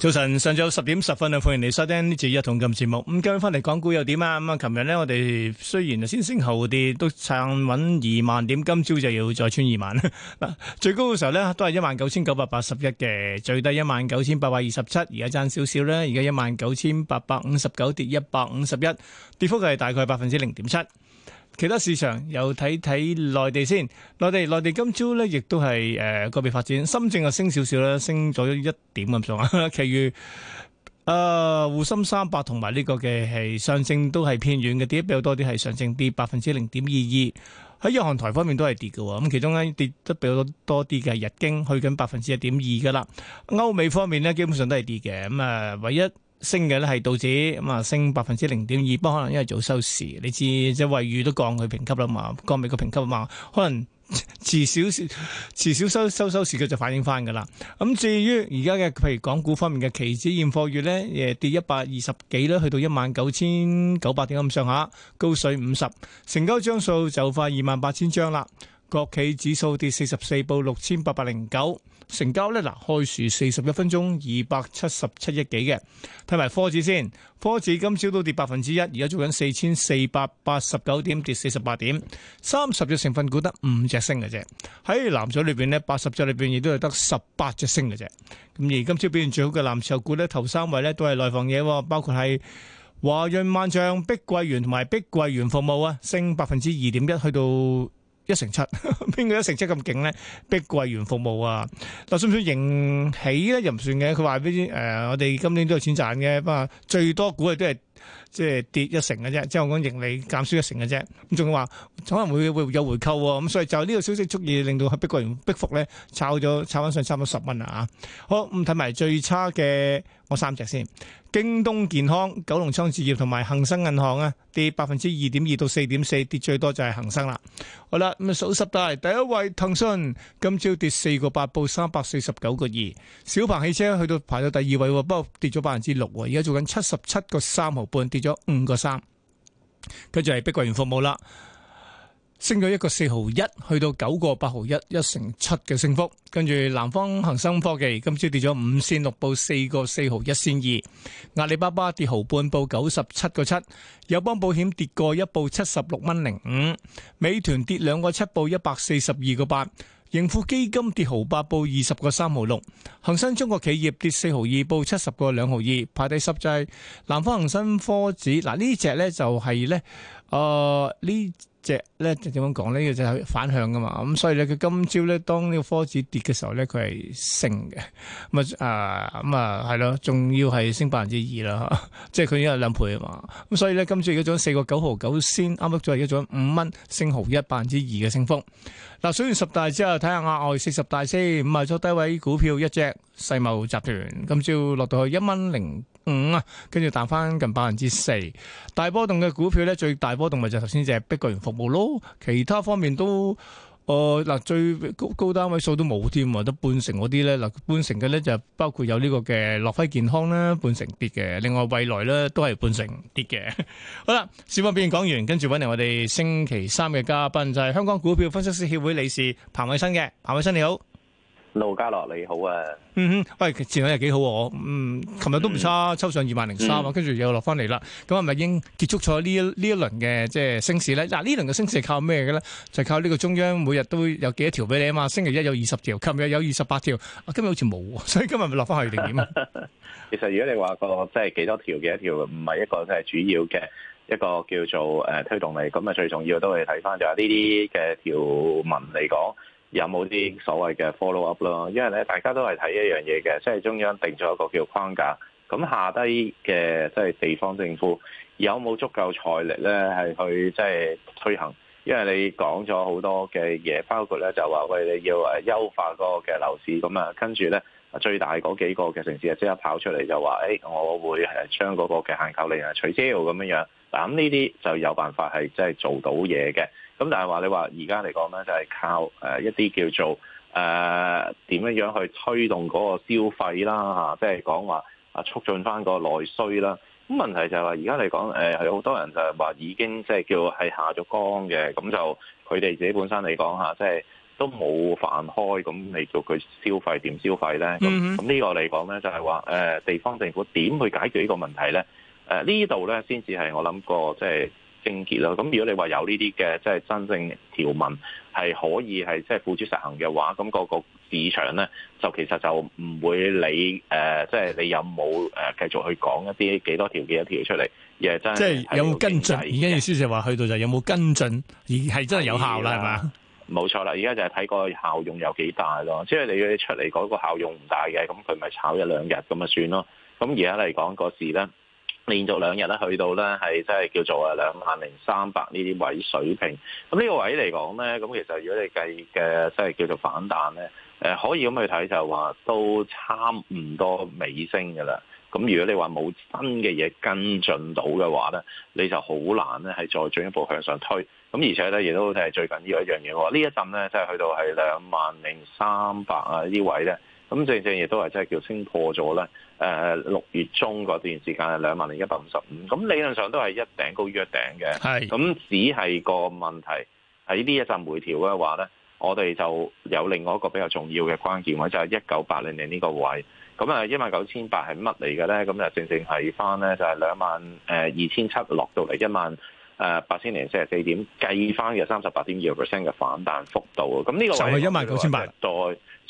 早晨，上晝十點十分啊，歡迎你收聽呢次一桶金節目。咁今日翻嚟講股又點啊？咁啊，琴日呢，我哋雖然先升後跌，都撐穩二萬點，今朝就要再穿二萬啦。 最高嘅時候呢都係一萬九千九百八十一嘅，最低 19, 827, 一萬九千八百二十七，而家爭少少呢，而家一萬九千八百五十九，跌一百五十一，跌幅係大概百分之零點七。其他市場又睇睇內地先，內地內地今朝咧亦都係誒個別發展，深圳啊升少少啦，升咗一點咁上下啦。 其餘啊滬、呃、深三百同埋呢個嘅係上證都係偏軟嘅，跌比較多啲，係上證跌百分之零點二二。喺日韓台方面都係跌嘅，咁其中咧跌得比較多啲嘅，係日經去緊百分之一點二嘅啦。歐美方面呢，基本上都係跌嘅，咁、呃、啊唯一。升嘅咧係道指咁啊，升百分之零點二，不可能因為早收市，你知即係惠譽都降佢評級啦嘛，降美國評級啊嘛，可能遲少少，遲少收收收市佢就反映翻噶啦。咁、嗯、至於而家嘅譬如港股方面嘅期指現貨月咧，誒跌一百二十幾咧，去到一萬九千九百點咁上下，高水五十，成交張數就快二萬八千張啦。國企指數跌四十四，報六千八百零九，成交呢？嗱，開市四十一分鐘二百七十七億幾嘅。睇埋科指先，科指今朝都跌百分之一，而家做緊四千四百八十九點，跌四十八點，三十隻成分股得五隻升嘅啫。喺藍籌裏邊呢，八十隻裏邊亦都係得十八隻升嘅啫。咁而今朝表現最好嘅藍籌股呢，頭三位呢都係內房嘢，包括係華潤萬象、碧桂園同埋碧桂園服務啊，升百分之二點一，去到一成七，邊個一成七咁勁咧？逼貴元服務啊，但算唔算要盈喜咧？又唔算嘅。佢話啲誒，我哋今年都有錢賺嘅，不過，最多估嘅都係。即係跌一成嘅啫，即係我講盈利減少一成嘅啫。咁仲要話可能會會有回購喎、啊，咁所以就呢個消息足以令到逼國人逼服咧，炒咗炒返上差唔多十蚊啦吓。好，咁睇埋最差嘅我三隻先，京東健康、九龍倉置業同埋恒生銀行啊，跌百分之二點二到四點四，跌最多就係恒生啦。好啦，咁數十大第一位騰訊今朝跌四個八報三百四十九個二，小鵬汽車去到排到第二位，不過跌咗百分之六，而家做緊七十七個三毫。半跌咗五個三，跟住係碧桂園服務啦，升咗一個四毫一，去到九個八毫一，一成七嘅升幅。跟住南方恒生科技今朝跌咗五線六報，四個四毫一線二。阿里巴巴跌毫半報九十七個七。友邦保險跌過一報七十六蚊零五。美團跌兩個七報一百四十二個八。盈富基金跌毫八，報二十個三毫六；恒生中國企業跌四毫二，報七十個兩毫二，排第十隻。就南方恒生科指，嗱呢隻呢就係、是、呢。啊！隻呢隻咧就點樣講咧？呢隻係反向噶嘛，咁、嗯、所以咧佢今朝咧當呢個科指跌嘅時候咧，佢係升嘅。咁啊啊咁啊，係、嗯、咯，仲、嗯、要係升百分之二啦。即係佢已依家兩倍啊嘛。咁所以咧，今朝嗰種四個九毫九先啱啱咗係一種五蚊升毫一百分之二嘅升幅。嗱，選完十大之後，睇下額外四十大先。咁啊，坐低位股票一隻世茂集團，今朝落到去一蚊零。五啊，跟住彈翻近百分之四，大波動嘅股票咧，最大波動咪就係頭先隻碧桂園服務咯，其他方面都誒嗱、呃、最高高單位數都冇添，得半成嗰啲咧嗱，半成嘅咧就包括有呢個嘅樂輝健康咧，半成跌嘅，另外蔚來咧都係半成跌嘅。 好啦，市場表現講完，跟住揾嚟我哋星期三嘅嘉賓就係、是、香港股票分析師協會理事彭偉新嘅，彭偉新你好。路家樂你好啊，嗯哼，喂、哎，前兩日幾好，嗯，琴日都唔差，抽、嗯、上二萬零三啊，跟住又落翻嚟啦，咁係咪已經結束咗呢呢一輪嘅即係升市咧？嗱，啊、輪呢輪嘅升市係靠咩嘅咧？就係、是、靠呢個中央每日都有幾多條俾你啊嘛，星期一有二十條，琴日有二十八條，啊、今日好似冇，所以今日咪落翻去定點啊？ 其實如果你話個即係幾多條幾多條唔係一個即係主要嘅一個叫做誒、呃呃、推動力，咁啊最重要都係睇翻就係呢啲嘅條文嚟講。有冇啲所謂嘅 follow up 咯？因為咧大家都係睇一樣嘢嘅，即係中央定咗一個叫框架，咁下低嘅即係地方政府有冇足夠財力咧係去即係推行？因為你講咗好多嘅嘢，包括咧就話喂你要誒優化個嘅樓市，咁啊跟住咧最大嗰幾個嘅城市啊即刻跑出嚟就話誒、欸、我會誒將嗰個嘅限購令啊取消咁樣樣。嗱咁呢啲就有辦法係即係做到嘢嘅，咁但係話你話而家嚟講咧，就係靠誒一啲叫做誒點樣樣去推動嗰個消費啦嚇，即係講話啊促進翻個內需啦。咁問題就係話而家嚟講誒係好多人就係話已經即係叫係下咗崗嘅，咁就佢哋自己本身嚟講嚇，即係都冇飯開，咁你叫佢消費點消費咧？咁、嗯、呢個嚟講咧就係話誒地方政府點去解決呢個問題咧？誒、呃、呢度咧，先至係我諗個即係症結咯。咁如果你話有呢啲嘅即係真正條文係可以係即係付諸實行嘅話，咁、那個個市場咧就其實就唔會理誒、呃，即係你有冇誒繼續去講一啲幾多條幾多條出嚟，而係真係即係有，有跟進。而家意思就係話去到就有冇跟進而係真係有效啦，係嘛的？冇吧錯啦，而家就係睇個效用有幾大咯。即係你出嚟嗰個效用唔大嘅，咁佢咪炒一兩日咁咪算咯。咁而家嚟講個事咧。連續兩日咧去到咧係即係叫做啊兩萬零三百呢啲位水平，咁呢個位嚟講咧，咁其實如果你計嘅即係叫做反彈咧，誒、呃、可以咁去睇就話都差唔多尾聲嘅啦。咁如果你話冇新嘅嘢跟進到嘅話咧，你就好難咧係再進一步向上推。咁而且咧亦都係最近呢樣嘢嘅呢一陣咧即係去到係兩萬零三百啊呢位咧，咁正正亦都係即係叫升破咗咧。誒六、uh, 月中嗰段時間係兩萬零一百五十五，咁理論上都係一頂高於一頂嘅，係咁只係個問題喺呢一陣回調嘅話呢，我哋就有另外一個比較重要嘅關鍵位就係一九八零年呢個位，咁啊一萬九千八係乜嚟嘅呢？咁就正正係翻呢，就係兩萬誒二千七落到嚟一萬。Uh, 2, 誒八千零四十四點計翻嘅三十八點二個 percent 嘅反彈幅度啊！咁、這、呢個就係一萬九千八，再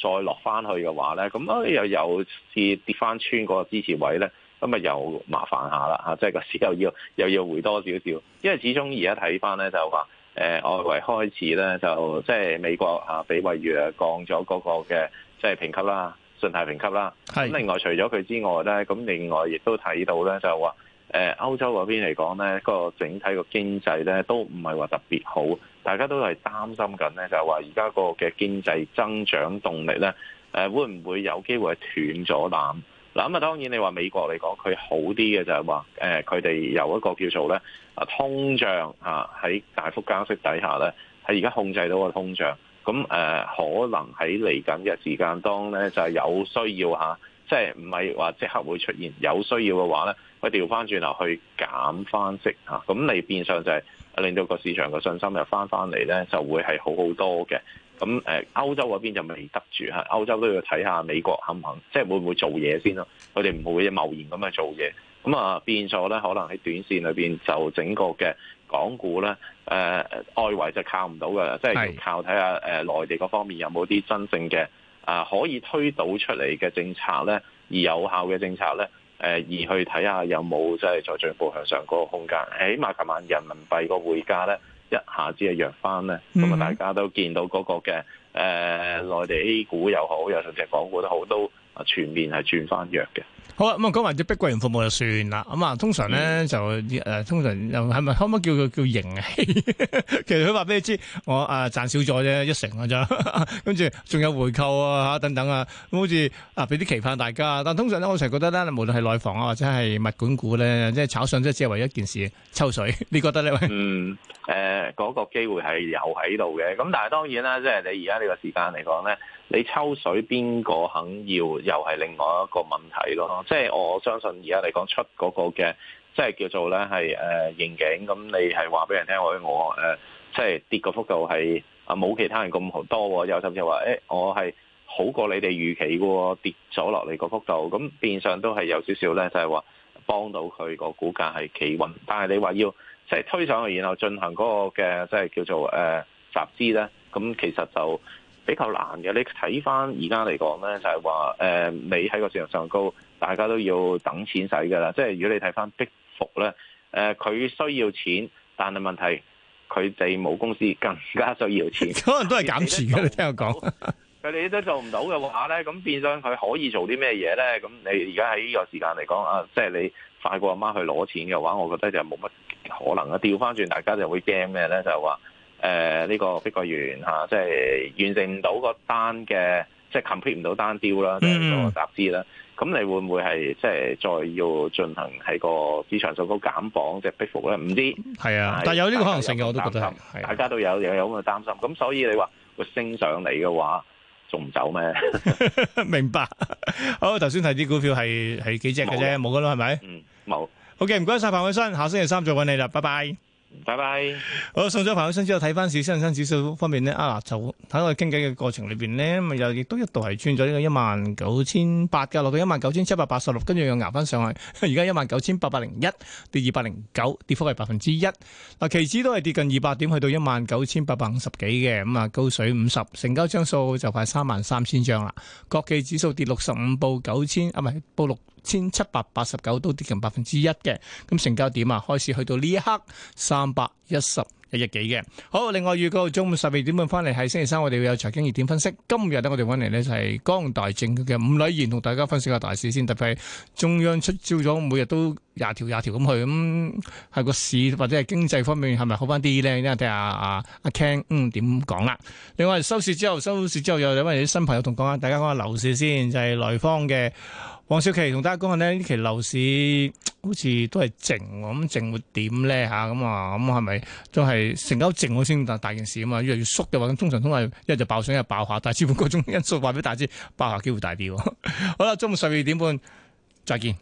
再落翻去嘅話咧，咁啊又又跌跌翻穿嗰個支持位咧，咁啊又麻煩下啦嚇、啊，即係個市又要又要回多少少，因為始終而家睇翻咧就話誒、呃、外圍開始咧就即係美國啊俾惠譽降咗嗰個嘅即係評級啦，信貸評級啦。咁是另外除咗佢之外咧，咁另外亦都睇到咧就話。誒歐洲嗰邊嚟講咧，個整體個經濟咧都唔係話特別好，大家都係擔心緊咧，就係話而家個嘅經濟增長動力咧，誒會唔會有機會係斷咗纜？嗱咁啊，當然你話美國嚟講，佢好啲嘅就係話誒，佢、呃、哋有一個叫做咧啊通脹嚇，喺大幅加息底下咧，係而家控制到個通脹。咁誒可能喺嚟緊嘅時間當咧，就係、是、有需要嚇，即係唔係話即刻會出現有需要嘅話咧。佢調翻轉頭去減翻息嚇，咁、啊、你變相就係、是、令到個市場嘅信心又翻翻嚟咧，就會係好好多嘅。咁、啊、誒，歐洲嗰邊就未得住嚇、啊，歐洲都要睇下美國肯唔肯，即係會唔會做嘢先咯。佢哋唔會貿然咁去做嘢。咁啊，變相咧，可能喺短線裏邊就整個嘅港股咧，誒、啊、外圍就靠唔到㗎喇，即係要靠睇下誒、啊、內地嗰方面有冇啲真正嘅啊可以推倒出嚟嘅政策咧，而有效嘅政策咧。誒，而去睇下有冇即係再進步向上嗰個空間，起碼琴晚人民幣個匯價咧，一下子係弱翻咧，咁啊、mm，hmm. 大家都見到嗰個嘅誒、呃，內地 A 股又好，又甚至港股都好，都全面係轉翻弱嘅。好啦，咁啊，講埋隻碧桂園服務就算啦。咁啊，通常咧、嗯、就誒，通常又係咪可唔可以叫佢叫盈喜？ 其實佢話俾你知，我啊賺少咗啫，一成噶咋，跟住仲有回購啊，吓等等啊，咁好似啊俾啲期盼大家。但通常咧，我成日覺得咧，無論係內房啊或者係物管股咧，即係炒上都只係為一件事抽水。 你覺得咧？嗯，誒、呃，嗰、那個機會係有喺度嘅。咁但係當然啦，即、就、係、是、你而家呢個時間嚟講咧，你抽水邊個肯要，又係另外一個問題咯。即係我相信而家嚟講出嗰個嘅，即係叫做咧係誒應景。咁、呃、你係話俾人聽，我我誒、呃、即係跌個幅度係啊冇其他人咁好多，又甚至話誒、欸、我係好過你哋預期嘅喎，跌咗落嚟個幅度，咁變相都係有少少咧，就係話幫到佢個股價係企穩。但係你話要即係推上去，然後進行嗰個嘅即係叫做誒、呃、集資咧，咁其實就比較難嘅。你睇翻而家嚟講咧，就係話誒你喺個市場上高。大家都要等錢使㗎啦，即係如果你睇翻碧福咧，誒、呃、佢需要錢，但係問題佢哋冇公司更加需要錢， 可能都係減錢嘅。你聽我講，佢哋都做唔到嘅 話咧，咁變相佢可以做啲咩嘢咧？咁你而家喺呢個時間嚟講啊，即係你快過阿媽，媽去攞錢嘅話，我覺得就冇乜可能啊。調翻轉，大家就會驚咩咧？就話誒呢個碧桂園嚇，即係完成唔到個單嘅，即係 complete 唔到單 deal 啦，即係個集資啦。嗯。咁你會唔會係即係再要進行喺個市場上高減磅只跌幅咧？唔知係啊，但，是但有呢個可能性嘅我都覺得，大家都有、啊、有咁嘅擔心。咁所以你話會升上嚟嘅話，仲唔走咩？ 明白。 好，頭先睇啲股票係係幾隻嘅啫，冇㗎啦，係咪？嗯，冇。好嘅，唔該晒。彭偉新，下星期三再揾你啦，拜拜。拜拜。Bye bye 好，送咗朋友先之後，睇翻市升唔升？指數方面咧，啊，啊，就喺我哋傾偈嘅過程裏邊呢，咪又亦都一度係穿咗呢個一萬九千八嘅，落到一萬九千七百八十六，跟住又捱翻上去，而家一萬九千八百零一跌二百零九，跌幅係百分之一。嗱，啊，期指都係跌近二百點，去到一萬九千八百五十幾嘅，咁啊高水五十，成交張數就快三萬三千張啦。國企指數跌六十五，報九千啊，唔係報六。千七百八十九都跌近百分之一嘅，咁成交點啊？開始去到呢一刻三百一十一億幾嘅。好，另外預告中午十二點半翻嚟係星期三，我哋會有財經熱點分析。今日呢，我哋揾嚟呢就係江大正嘅五禮賢同大家分析下大市先，特別係中央出招咗，每日都廿條廿條咁去，咁、嗯、係個市或者係經濟方面係咪好翻啲呢？咧、啊？一、啊、睇下、啊、阿阿 Ken 嗯點講啦？另外收市之後，收市之後又有位新朋友同講下，大家講下樓市先，就係、是、來方嘅。黃少琪同大家講下咧，呢期樓市好似都係靜，咁靜會點咧吓？咁啊，咁係咪都係成交靜先大件事啊嘛？越嚟越縮嘅話，咁通常都係一日就爆上，一日爆，爆下，但係主要各種因素話俾大家知，爆下機會大啲。 好啦，中午十二點半再見。